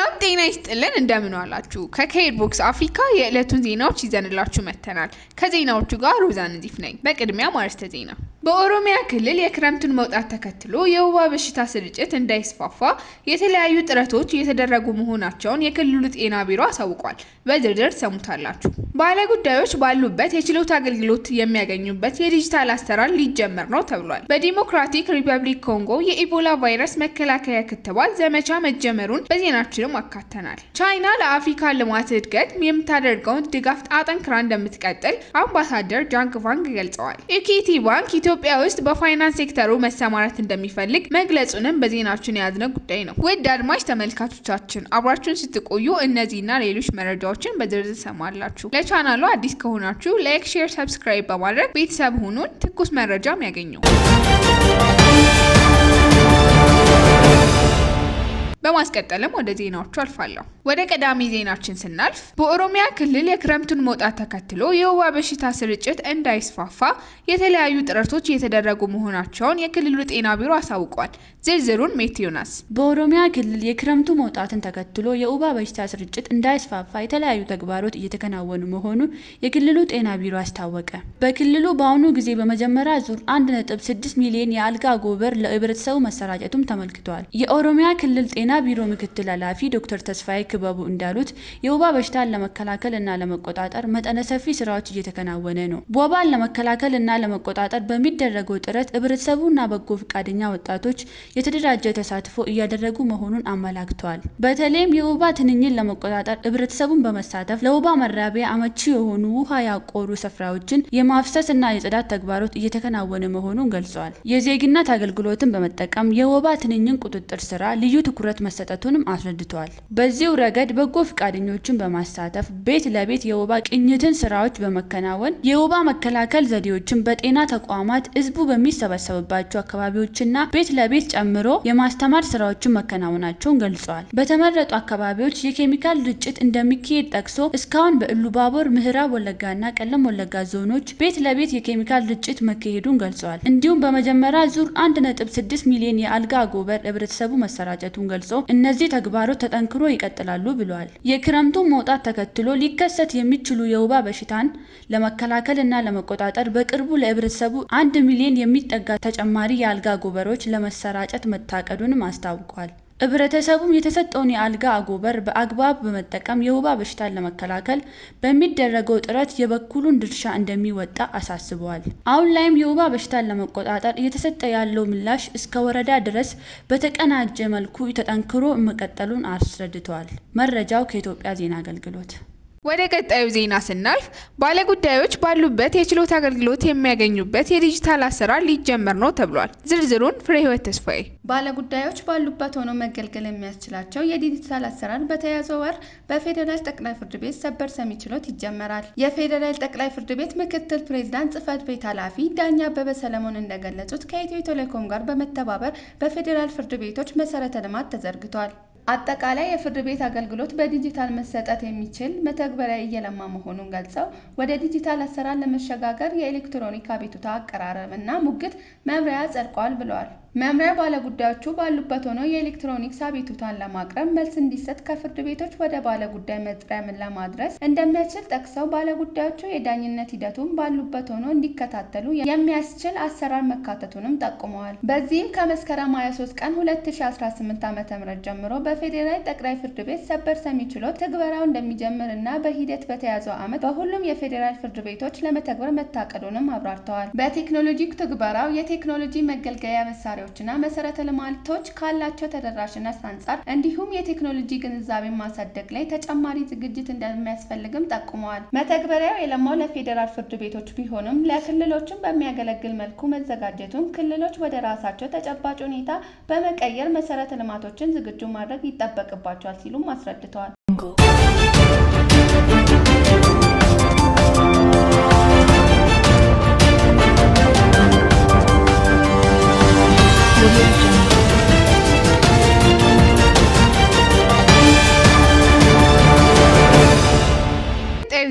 ሰላም ጤና ይስጥልን፣ እንደምን ዋላችሁ? ከኬር ቦክስ አፍሪካ የዕለቱን ዜናዎች ይዘንላችሁ መጥተናል። ከዜናዎቹ ጋር ሮዛ ንዚፍ ነኝ። በቅድሚያ ማርስተ ዜና በኦሮሚያ ክልል የክረምቱን መውጣት ተከትሎ የወባ በሽታ ስርጭት እንዳይስፋፋ የተለያዩ ጥረቶች እየተደረጉ መሆናቸውን የክልሉ ጤና ቢሮ አሳውቋል። በዝርዝር ሰሙታላችሁ። ባለጉዳዮች ባሉበት የችሎት አገልግሎት የሚያገኙበት የዲጂታል አሰራር ሊጀመር ነው ተብሏል። በዲሞክራቲክ ሪፐብሊክ ኮንጎ የኢቦላ ቫይረስ መከላከያ ክትባት ዘመቻ መጀመሩን በዜናችንም አካተናል። ቻይና ለአፍሪካ ልማት እድገት የምታደርገውን ድጋፍ አጠንክራ እንደምትቀጥል አምባሳደር ጃንክ ቫንግ ገልጸዋል። ኢኪቲ ባንክ ኢትዮጵያ ውስጥ በፋይናንስ ሴክተሩ መሰማራት እንደሚፈልግ መግለጹንም በዜናችን የያዝነው ጉዳይ ነው። ውድ አድማጭ ተመልካቾቻችን አብራችሁን ስትቆዩ እነዚህና ሌሎች መረጃዎችን በዝርዝር ሰማላችሁ። ቻናሉ አዲስ ከሆናችሁ ላይክ፣ ሼር፣ ሰብስክራይብ በማድረግ ቤተሰብ ሁኑን። ትኩስ መረጃም ያገኙ። በማስቀጠልም ወደ ዜናዎቹ አልፋለሁ። ወደ ቀዳሚ ዜናችን ስናልፍ በኦሮሚያ ክልል የክረምቱን መውጣት ተከትሎ የወባ በሽታ ስርጭት እንዳይስፋፋ የተለያዩ ጥረቶች እየተደረጉ መሆናቸውን የክልሉ ጤና ቢሮ አሳውቋል። ዝርዝሩን ሜትዮናስ። በኦሮሚያ ክልል የክረምቱ መውጣትን ተከትሎ የወባ በሽታ ስርጭት እንዳይስፋፋ የተለያዩ ተግባሮች እየተከናወኑ መሆኑን የክልሉ ጤና ቢሮ አስታወቀ። በክልሉ በአሁኑ ጊዜ በመጀመሪያ ዙር 1.6 ሚሊዮን የአልጋ ጎበር ለህብረተሰቡ መሰራጨቱም ተመልክቷል። የኦሮሚያ ክልል ጤና የጤና ቢሮ ምክትል ኃላፊ ዶክተር ተስፋዬ ክበቡ እንዳሉት የወባ በሽታን ለመከላከል እና ለመቆጣጠር መጠነ ሰፊ ስራዎች እየተከናወነ ነው። ወባን ለመከላከል እና ለመቆጣጠር በሚደረገው ጥረት ህብረተሰቡና በጎ ፈቃደኛ ወጣቶች የተደራጀ ተሳትፎ እያደረጉ መሆኑን አመላክተዋል። በተለይም የወባ ትንኝን ለመቆጣጠር ህብረተሰቡን በመሳተፍ ለወባ መራቢያ አመቺ የሆኑ ውሃ ያቆሩ ስፍራዎችን የማፍሰስ እና የጽዳት ተግባሮት እየተከናወነ መሆኑን ገልጿል። የዜግነት አገልግሎትን በመጠቀም የወባ ትንኝን ቁጥጥር ስራ ልዩ ትኩረት መሰጠቱንም አስረድተዋል። በዚሁ ረገድ በጎ ፈቃደኞችን በማሳተፍ ቤት ለቤት የወባ ቅኝትን ስራዎች በመከናወን የወባ መከላከል ዘዴዎችን በጤና ተቋማት ህዝቡ በሚሰበሰብባቸው አካባቢዎችና ቤት ለቤት ጨምሮ የማስተማር ስራዎችን መከናወናቸውን ገልጸዋል። በተመረጡ አካባቢዎች የኬሚካል ርጭት እንደሚካሄድ ጠቅሶ እስካሁን በኢሉባቦር፣ ምዕራብ ወለጋና ቀለም ወለጋ ዞኖች ቤት ለቤት የኬሚካል ርጭት መካሄዱን ገልጸዋል። እንዲሁም በመጀመሪያ ዙር 1.6 ሚሊዮን የአልጋ አጎበር ህብረተሰቡ መሰራጨቱን ገልጿል። ገልጾ እነዚህ ተግባሮች ተጠንክሮ ይቀጥላሉ ብለዋል። የክረምቱን መውጣት ተከትሎ ሊከሰት የሚችሉ የወባ በሽታን ለመከላከል እና ለመቆጣጠር በቅርቡ ለህብረተሰቡ አንድ ሚሊዮን የሚጠጋ ተጨማሪ የአልጋ ጉበሮች ለመሰራጨት መታቀዱንም አስታውቋል። ህብረተሰቡም የተሰጠውን የአልጋ አጎበር በአግባብ በመጠቀም የወባ በሽታን ለመከላከል በሚደረገው ጥረት የበኩሉን ድርሻ እንደሚወጣ አሳስበዋል። አሁን ላይም የወባ በሽታን ለመቆጣጠር እየተሰጠ ያለው ምላሽ እስከ ወረዳ ድረስ በተቀናጀ መልኩ ተጠንክሮ መቀጠሉን አስረድተዋል። መረጃው ከኢትዮጵያ ዜና አገልግሎት ወደ ቀጣዩ ዜና ስናልፍ ባለጉዳዮች ባሉበት የችሎት አገልግሎት የሚያገኙበት የዲጂታል አሰራር ሊጀመር ነው ተብሏል። ዝርዝሩን ህይወት ተስፋዬ። ባለጉዳዮች ባሉበት ሆኖ መገልገል የሚያስችላቸው የዲጂታል አሰራር በተያዘው ወር በፌዴራል ጠቅላይ ፍርድ ቤት ሰበር ሰሚ ችሎት ይጀመራል። የፌዴራል ጠቅላይ ፍርድ ቤት ምክትል ፕሬዝዳንት ጽህፈት ቤት ኃላፊ ዳኛ አበበ ሰለሞን እንደገለጹት ከኢትዮ ቴሌኮም ጋር በመተባበር በፌዴራል ፍርድ ቤቶች መሰረተ ልማት ተዘርግቷል። አጠቃላይ የፍርድ ቤት አገልግሎት በዲጂታል መሰጠት የሚችል መተግበሪያ እየለማ መሆኑን ገልጸው ወደ ዲጂታል አሰራር ለመሸጋገር የኤሌክትሮኒክ አቤቱታ አቀራረብ እና ሙግት መምሪያ ጸድቋል ብለዋል። መምሪያ ባለጉዳዮቹ ባሉበት ሆኖ የኤሌክትሮኒክስ አቤቱታን ለማቅረብ መልስ እንዲሰጥ ከፍርድ ቤቶች ወደ ባለጉዳይ መጥሪያ ለማድረስ እንደሚያስችል ጠቅሰው ባለጉዳዮቹ የዳኝነት ሂደቱን ባሉበት ሆኖ እንዲከታተሉ የሚያስችል አሰራር መካተቱንም ጠቁመዋል። በዚህም ከመስከረም 23 ቀን 2018 ዓ.ም ጀምሮ በፌዴራል ጠቅላይ ፍርድ ቤት ሰበር ሰሚ ችሎት ትግበራው እንደሚጀምር እና በሂደት በተያዘው ዓመት በሁሉም የፌዴራል ፍርድ ቤቶች ለመተግበር መታቀዱንም አብራርተዋል። በቴክኖሎጂ ትግበራው የቴክኖሎጂ መገልገያ መሳሪያ ጥንካሬዎችና መሰረተ ልማቶች ካላቸው ተደራሽነት አንጻር እንዲሁም የቴክኖሎጂ ግንዛቤን ማሳደግ ላይ ተጨማሪ ዝግጅት እንደሚያስፈልግም ጠቁመዋል። መተግበሪያው የለማው ለፌዴራል ፍርድ ቤቶች ቢሆንም ለክልሎችም በሚያገለግል መልኩ መዘጋጀቱን ክልሎች ወደ ራሳቸው ተጨባጭ ሁኔታ በመቀየር መሰረተ ልማቶችን ዝግጁ ማድረግ ይጠበቅባቸዋል ሲሉም አስረድተዋል። Audio Jungle.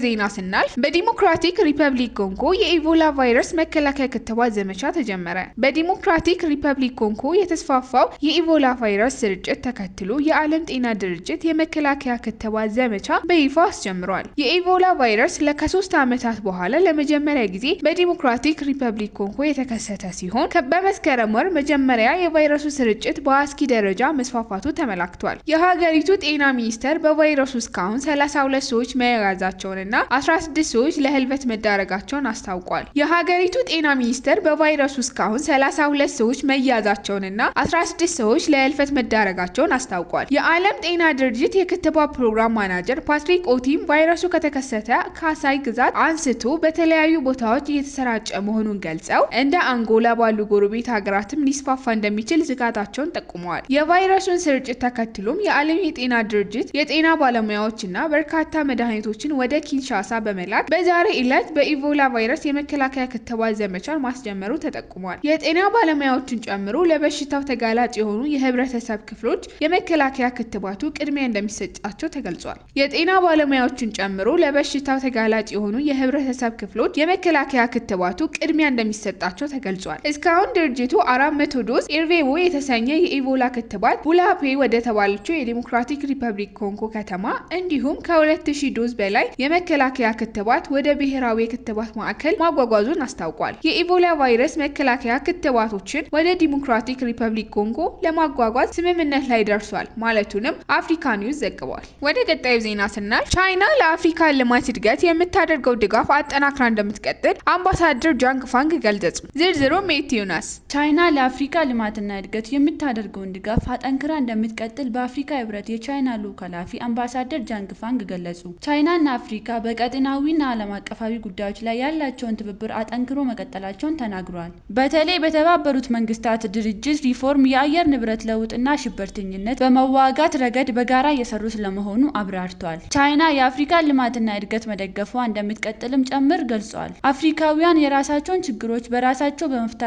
ዜና ስናልፍ በዲሞክራቲክ ሪፐብሊክ ኮንጎ የኢቦላ ቫይረስ መከላከያ ክትባት ዘመቻ ተጀመረ። በዲሞክራቲክ ሪፐብሊክ ኮንጎ የተስፋፋው የኢቦላ ቫይረስ ስርጭት ተከትሎ የዓለም ጤና ድርጅት የመከላከያ ክትባት ዘመቻ በይፋ አስጀምሯል። የኢቦላ ቫይረስ ለከሶስት ዓመታት በኋላ ለመጀመሪያ ጊዜ በዲሞክራቲክ ሪፐብሊክ ኮንጎ የተከሰተ ሲሆን በመስከረም ወር መጀመሪያ የቫይረሱ ስርጭት በአስኪ ደረጃ መስፋፋቱ ተመላክቷል። የሀገሪቱ ጤና ሚኒስቴር በቫይረሱ እስካሁን 32 ሰዎች መያዛቸውን እና 16 ሰዎች ለህልፈት መዳረጋቸውን አስታውቋል። የሀገሪቱ ጤና ሚኒስቴር በቫይረሱ እስካሁን 32 ሰዎች መያዛቸውንና 16 ሰዎች ለህልፈት መዳረጋቸውን አስታውቋል። የዓለም ጤና ድርጅት የክትባት ፕሮግራም ማናጀር ፓትሪክ ኦቲም ቫይረሱ ከተከሰተ ካሳይ ግዛት አንስቶ በተለያዩ ቦታዎች እየተሰራጨ መሆኑን ገልጸው እንደ አንጎላ ባሉ ጎረቤት ሀገራትም ሊስፋፋ እንደሚችል ስጋታቸውን ጠቁመዋል። የቫይረሱን ስርጭት ተከትሎም የዓለም የጤና ድርጅት የጤና ባለሙያዎችና በርካታ መድኃኒቶችን ወደ ኪ ኪንሻሳ በመላክ በዛሬ ዕለት በኢቮላ ቫይረስ የመከላከያ ክትባት ዘመቻን ማስጀመሩ ተጠቁሟል። የጤና ባለሙያዎችን ጨምሮ ለበሽታው ተጋላጭ የሆኑ የህብረተሰብ ክፍሎች የመከላከያ ክትባቱ ቅድሚያ እንደሚሰጣቸው ተገልጿል። የጤና ባለሙያዎችን ጨምሮ ለበሽታው ተጋላጭ የሆኑ የህብረተሰብ ክፍሎች የመከላከያ ክትባቱ ቅድሚያ እንደሚሰጣቸው ተገልጿል። እስካሁን ድርጅቱ አራት መቶ ዶዝ ኤርቬቦ የተሰኘ የኢቮላ ክትባት ቡላፔ ወደ ተባለችው የዲሞክራቲክ ሪፐብሊክ ኮንጎ ከተማ እንዲሁም ከ 2000 ዶዝ በላይ መከላከያ ክትባት ወደ ብሔራዊ የክትባት ማዕከል ማጓጓዙን አስታውቋል። የኢቦላ ቫይረስ መከላከያ ክትባቶችን ወደ ዲሞክራቲክ ሪፐብሊክ ኮንጎ ለማጓጓዝ ስምምነት ላይ ደርሷል ማለቱንም አፍሪካ ኒውስ ዘግቧል። ወደ ቀጣዩ ዜና ስናል ቻይና ለአፍሪካ ልማት እድገት የምታደርገው ድጋፍ አጠናክራ እንደምትቀጥል አምባሳደር ጃንግ ፋንግ ገልጸጹ። ዝርዝሩም ሜቲዩናስ ቻይና ለአፍሪካ ልማትና እድገት የምታደርገውን ድጋፍ አጠንክራ እንደምትቀጥል በአፍሪካ ህብረት የቻይና ልዑክ ኃላፊ አምባሳደር ጃንግ ፋንግ ገለጹ። ቻይናና አፍሪካ በቀጠናዊና ዓለም አቀፋዊ ጉዳዮች ላይ ያላቸውን ትብብር አጠንክሮ መቀጠላቸውን ተናግሯል። በተለይ በተባበሩት መንግስታት ድርጅት ሪፎርም፣ የአየር ንብረት ለውጥና ሽብርተኝነት በመዋጋት ረገድ በጋራ እየሰሩ ስለመሆኑ አብራርቷል። ቻይና የአፍሪካን ልማትና እድገት መደገፏ እንደምትቀጥልም ጭምር ገልጿል። አፍሪካውያን የራሳቸውን ችግሮች በራሳቸው በመፍታት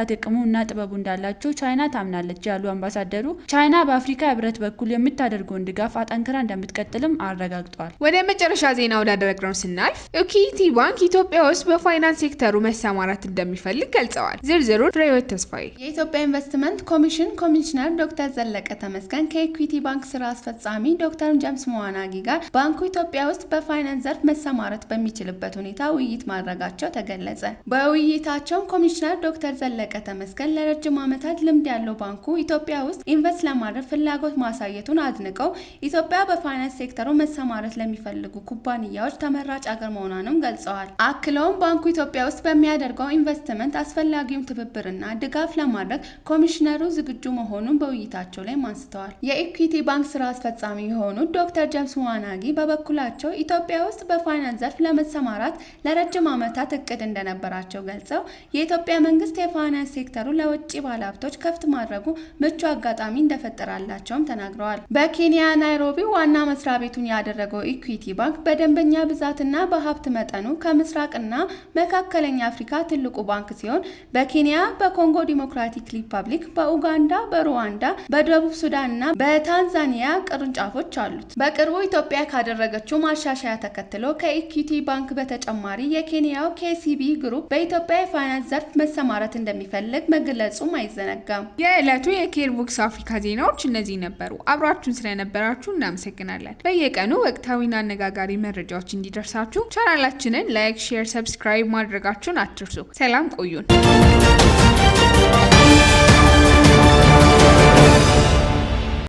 እና ጥበቡ እንዳላቸው ቻይና ታምናለች ያሉ አምባሳደሩ ቻይና በአፍሪካ ህብረት በኩል የምታደርገውን ድጋፍ አጠንክራ እንደምትቀጥልም አረጋግጧል። ወደ መጨረሻ ዜና ወዳደረግነው ስናልፍ ኢኩዊቲ ባንክ ኢትዮጵያ ውስጥ በፋይናንስ ሴክተሩ መሰማራት እንደሚፈልግ ገልጸዋል። ዝርዝሩ ፍሬህይወት ተስፋዬ። የኢትዮጵያ ኢንቨስትመንት ኮሚሽን ኮሚሽነር ዶክተር ዘለቀ ተመስገን ከኢኩዊቲ ባንክ ስራ አስፈጻሚ ዶክተር ጀምስ መዋናጊ ጋር ባንኩ ኢትዮጵያ ውስጥ በፋይናንስ ዘርፍ መሰማራት በሚችልበት ሁኔታ ውይይት ማድረጋቸው ተገለጸ። በውይይታቸውም ኮሚሽነር ዶክተር ዘለቀ ተመስገን ለረጅም ዓመታት ልምድ ያለው ባንኩ ኢትዮጵያ ውስጥ ኢንቨስት ለማድረግ ፍላጎት ማሳየቱን አድንቀው ኢትዮጵያ በፋይናንስ ሴክተሩ መሰማራት ለሚፈልጉ ኩባንያዎች ተመራ ተመራጭ አገር መሆኗንም ገልጸዋል። አክለውም ባንኩ ኢትዮጵያ ውስጥ በሚያደርገው ኢንቨስትመንት አስፈላጊውን ትብብርና ድጋፍ ለማድረግ ኮሚሽነሩ ዝግጁ መሆኑን በውይይታቸው ላይ አንስተዋል። የኢኩይቲ ባንክ ስራ አስፈጻሚ የሆኑት ዶክተር ጀምስ ዋናጊ በበኩላቸው ኢትዮጵያ ውስጥ በፋይናንስ ዘርፍ ለመሰማራት ለረጅም ዓመታት እቅድ እንደነበራቸው ገልጸው የኢትዮጵያ መንግስት የፋይናንስ ሴክተሩ ለውጭ ባለሀብቶች ከፍት ማድረጉ ምቹ አጋጣሚ እንደፈጠራላቸውም ተናግረዋል። በኬንያ ናይሮቢ ዋና መስሪያ ቤቱን ያደረገው ኢኩዊቲ ባንክ በደንበኛ ብዛት በምርትና በሀብት መጠኑ ከምስራቅና መካከለኛ አፍሪካ ትልቁ ባንክ ሲሆን በኬንያ፣ በኮንጎ ዲሞክራቲክ ሪፐብሊክ፣ በኡጋንዳ፣ በሩዋንዳ፣ በደቡብ ሱዳን እና በታንዛኒያ ቅርንጫፎች አሉት። በቅርቡ ኢትዮጵያ ካደረገችው ማሻሻያ ተከትሎ ከኢኩቲ ባንክ በተጨማሪ የኬንያው ኬሲቢ ግሩፕ በኢትዮጵያ የፋይናንስ ዘርፍ መሰማራት እንደሚፈልግ መግለጹም አይዘነጋም። የዕለቱ የኬርቦክስ አፍሪካ ዜናዎች እነዚህ ነበሩ። አብራችሁን ስለነበራችሁ እናመሰግናለን። በየቀኑ ወቅታዊና አነጋጋሪ መረጃዎች እንዲደርስ ያድርሳችሁ። ቻናላችንን ላይክ፣ ሼር፣ ሰብስክራይብ ማድረጋችሁን አትርሱ። ሰላም ቆዩን።